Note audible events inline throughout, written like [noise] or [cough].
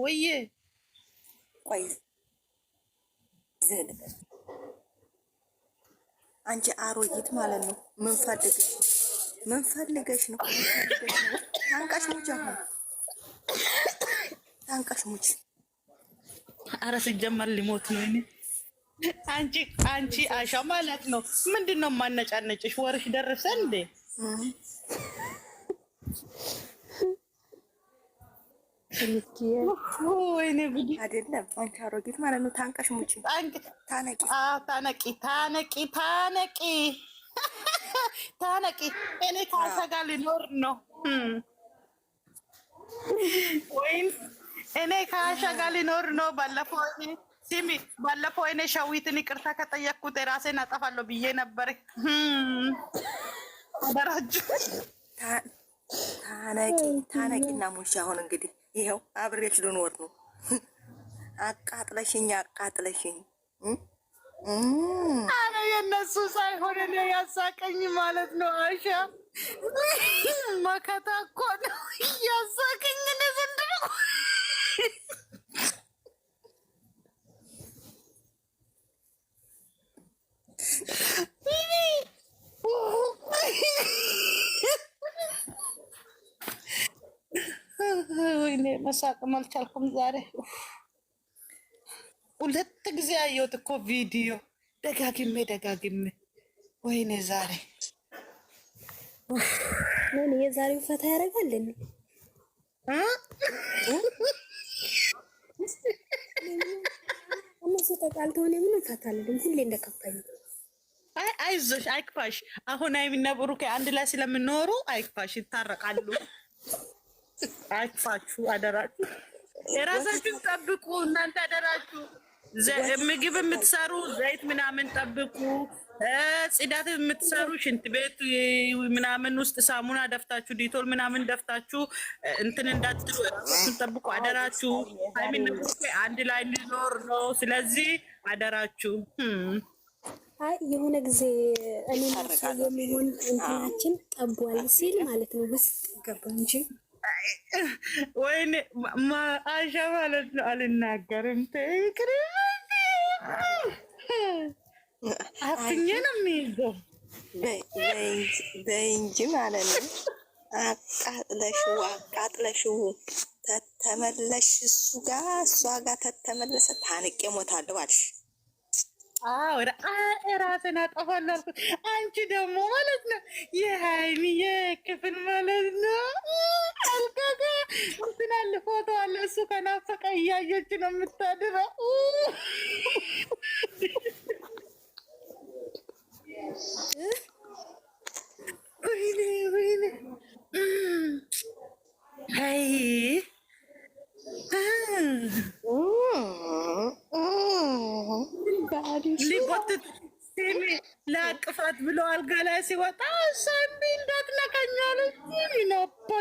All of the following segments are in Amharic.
ወይ ቆይ አንቺ አሮጊት ማለት ነው። ምን ፈልገሽ ምን ፈልገሽ ነው? ታንቃሽ ሙች አሁን ታንቃሽ ሙች። አረ ሲጀመር ሊሞት ነው። እኔ አንቺ አንቺ አሻ ማለት ነው። ምንድን ነው ማነጫነጭሽ? ወርሽ ደረሰ እንዴ? ወይኔ ጉድ አይደለም። አንቺ አሮጊት ማለት ነው። ታንቀሽ ሙች ታነቂ ታነቂ ታነቂ ታነቂ ታነቂ። እኔ ካሳ ጋር ልኖር ነው ወይም እኔ ካሳ ጋር ልኖር ነው። ባለፈው ስሚ፣ ባለፈው እኔ ሸዊትን ይቅርታ ከጠየቅኩት የራሴን አጠፋለሁ ብዬ ነበር። ታነቂ ታነቂ እና ሙሽ አሁን እንግዲህ ይኸው አብሬሽ ልኖር ነው። [laughs] አቃጥለሽኝ አቃጥለሽኝ። አረ የነሱ ሳይሆን እኔ ያሳቀኝ ማለት ነው። አሻ መከታ እኮ ነው [laughs] እያሳቀኝ ዘንድሮ መሳቅም አልቻልኩም ዛሬ። ሁለት ጊዜ አየሁት እኮ ቪዲዮ ደጋግሜ ደጋግሜ። ወይኔ ዛሬ ምን የዛሬው ፈታ ያደርጋልን? እነሱ ተጣልተው እኔ ምንም ፈታ አልልም። ሁሌ እንደከፋኝ አይዞሽ፣ አይክፋሽ። አሁን አይሚና ብሩኬ አንድ ላይ ስለምኖሩ አይክፋሽ፣ ይታረቃሉ። አይፋችሁ አደራችሁ የራሳችሁን ጠብቁ። እናንተ አደራችሁ ምግብ የምትሰሩ ዘይት ምናምን ጠብቁ። ጽዳት የምትሰሩ ሽንት ቤት ምናምን ውስጥ ሳሙና ደፍታችሁ ዲቶል ምናምን ደፍታችሁ እንትን እንዳትሉ ራሳችሁን ጠብቁ። አደራችሁ ሀይሚን አንድ ላይ እንዲኖር ነው። ስለዚህ አደራችሁ አይ የሆነ ጊዜ እኔ ማሳ የሚሆን እንትናችን ጠቧል ሲል ማለት ነው ውስጥ ገባ እንጂ ወይ አሻ ማለት ነው። አልናገርም። ትክር አፍኜ ነው የሚይዘው። በይ ማለት ነው። አቃጥለሽ አቃጥለሽው ተተመለሽ እሱ ጋር እሷ ጋር ተተመለሰ ታንቄ ሞታለሁ አልሽ። ራስን አጠፋለሁ አልኩት። አንቺ ደግሞ ማለት ነው የሀይሚዬ ክፍል ማለት ነው ተልቀቀ እንትን አለ ፎቶ አለ። እሱ ከናፈቀ እያየች ነው የምታድረው።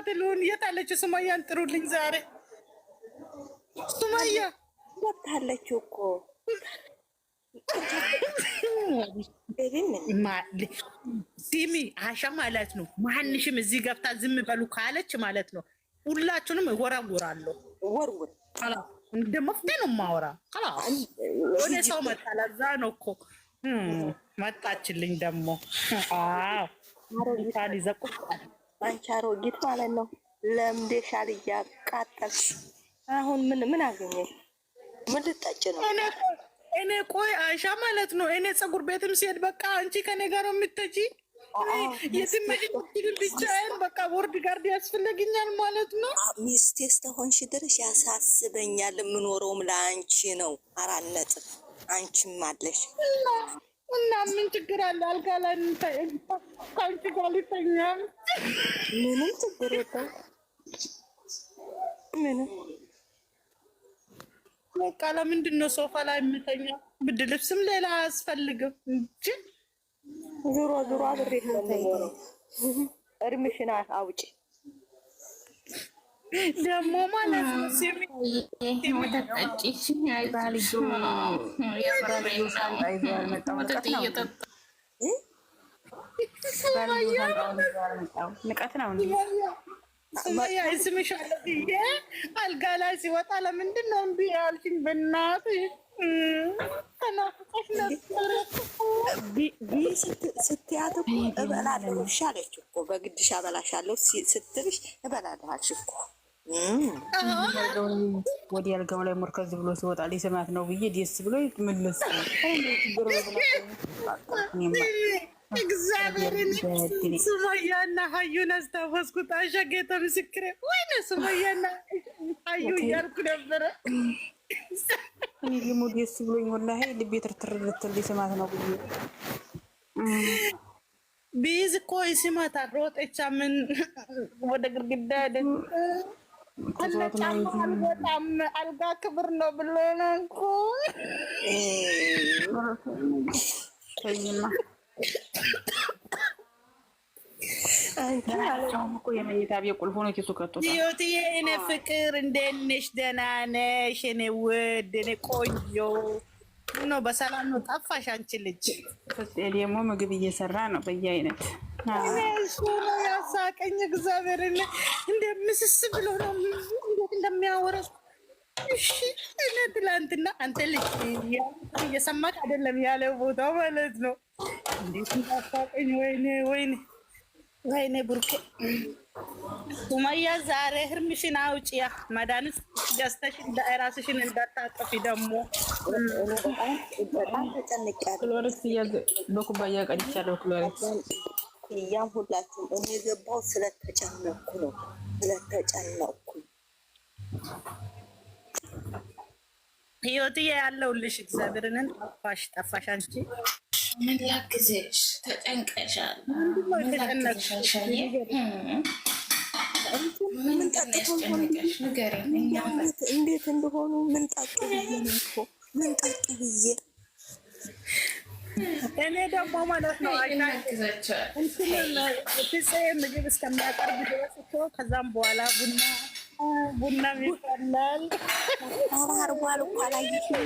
አብሯት ልሆን የታለችው? ሱማያን ጥሩልኝ ዛሬ። ሱማያ ወጣለች እኮ ሲሚ አሻ ማለት ነው። ማንሽም እዚህ ገብታ ዝም በሉ ካለች ማለት ነው ሁላችሁንም እወራውራለሁ። ወርውር እንደ መፍትሄ ነው ማወራ ወደ ሰው መጣ። ለዛ ነው እኮ መጣችልኝ ደግሞ ቃል አንቺ አሮጊት ማለት ነው። ለምደሻል፣ እያቃጠልሽ አሁን ምን ምን አገኘሽ? ምን ልጠጭ ነው? እኔ ቆይ አይሻ ማለት ነው። እኔ ፀጉር ቤትም ሲሄድ በቃ አንቺ ከኔ ጋር ነው የምትጂ የትም ብቻዬን በቃ ቦርድ ጋርድ ያስፈለግኛል ማለት ነው። ሚስቴ ስተሆንሽ ድረስ ያሳስበኛል። የምኖረውም ለአንቺ ነው። አራት ነጥብ አንቺም አለሽ እና ምን ችግር አለ? አልጋ ላይ ከአንቺ ጋር ልተኛል። ምንም ችግር የለም። ምንም በቃ ለምንድን ነው ሶፋ ላይ የምተኛ? ብርድ ልብስም ሌላ አያስፈልግም እንጂ ዞሮ ዞሮ አብሬ እድሜሽን አውጪ ደግሞ ማለት ነው ነው። ስምሽ አለ ብዬ አልጋ ላይ ሲወጣ ለምንድን ነው እምቢ ያልሽኝ? በእናትሽ ስትያት እኮ እበላለሁ አለች እኮ በግድሽ አበላሻለሁ ስትልሽ እበላለሁ አልሽ እኮ ወደ አልጋው ላይ ሞርከዝ ብሎ ሲወጣ ሊሰማት ነው ብዬ ደስ ብሎ መለስ እግዚአብሔርን ሱመያና ሀዩን አስታወስኩት። አሻጌተ ምስክሬ ወይነ ሱመያና ሀዩ እያልኩ ነበረ። እኔ ደግሞ ደስ ብሎኝ ወላሂ ልቤ ትርትር ልትል ሊሰማት ነው ብዬ ቢይዝ እኮ ይስማታል። ሮጠቻ ምን ወደ ግድግዳ ደግ በጣም አልጋ ክብር ነው ብሎ ነው እኮ የመኝታ እኔ ፍቅር፣ እንደት ነሽ? ደህና ነሽ? እኔ ውድ፣ እኔ ቆንጆ በሰላም ነው፣ በሰላም ነው። ጠፋሽ አንቺ ልጅ። ውስጤ ደግሞ ምግብ እየሰራ ነው በየአይነት ያሳቀኝ። እግዚአብሔር እንደ ምስስ ብሎ ነው እንደሚያወራው። እሺ እኔ ትላንትና አንተ ልጅ እየሰማክ አይደለም ያለው ቦታ ማለት ነው። እንዴት እንዳሳቀኝ! ወይኔ ወይኔ ወይኔ ቡርኬ ሱመያ ዛሬ ህርምሽን አውጪያ መድኃኒት ገዝተሽ ራስሽን እንዳታጠፊ። ደግሞ ክሎሪክስ በኩባያ ቀድቻለሁ። ክሎሪክስ እያም ሁላችሁም እኔ የገባው ስለተጨነኩ ነው፣ ስለተጨነኩ ህይወትዬ ያለውልሽ እግዚአብሔርን ጠፋሽ ጠፋሽ አንቺ ምን ላግዝሽ? ተጨንቀሻል። እንዴት እንደሆኑ ምን ጠቅ ምን ጠቅ ብዬ እኔ ደግሞ ማለት ነው ፍፄ ምግብ እስከሚያቀርብ ድረስ እኮ ከዛም በኋላ ቡና ቡና ይፈላል። አርቧል እኮ አላየሽም?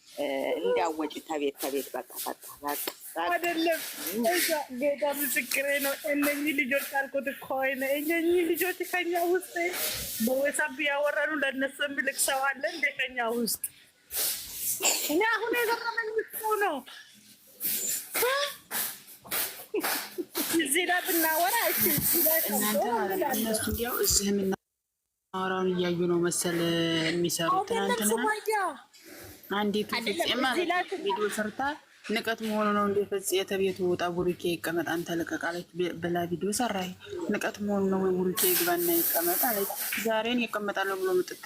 እንዲያወጭ ተቤት ተቤት በቃ አይደለም። ጌታ ምስክሬ ነው። እነኚህ ልጆች አልኩት እኮ ነው። እነኚህ ልጆች ከኛ ውስጥ በወሳብ ያወረኑ ለነሱ የሚልቅ ሰው አለ እንደ ከኛ ውስጥ። እኔ አሁን የገረመኝ እኮ ነው። እዚህ ላይ ብናወራ እነሱ እንዲያው እዚህም እናወራውን እያዩ ነው መሰል የሚሰሩት ትናንትና አንዲቱ ፍጽማ ቪዲዮ ሰርታ ንቀት መሆኑ ነው እንዴ? ፍጽ የተቤቱ ውጣ ቡሪኬ ይቀመጥ አንተ ልቀቅ አለች ብላ ቪዲዮ ሰራይ ንቀት መሆኑ ነው ወይ ቡሩኬ ይግባና ይቀመጥ አለች። ዛሬን ይቀመጣለሁ ብሎ ምጥት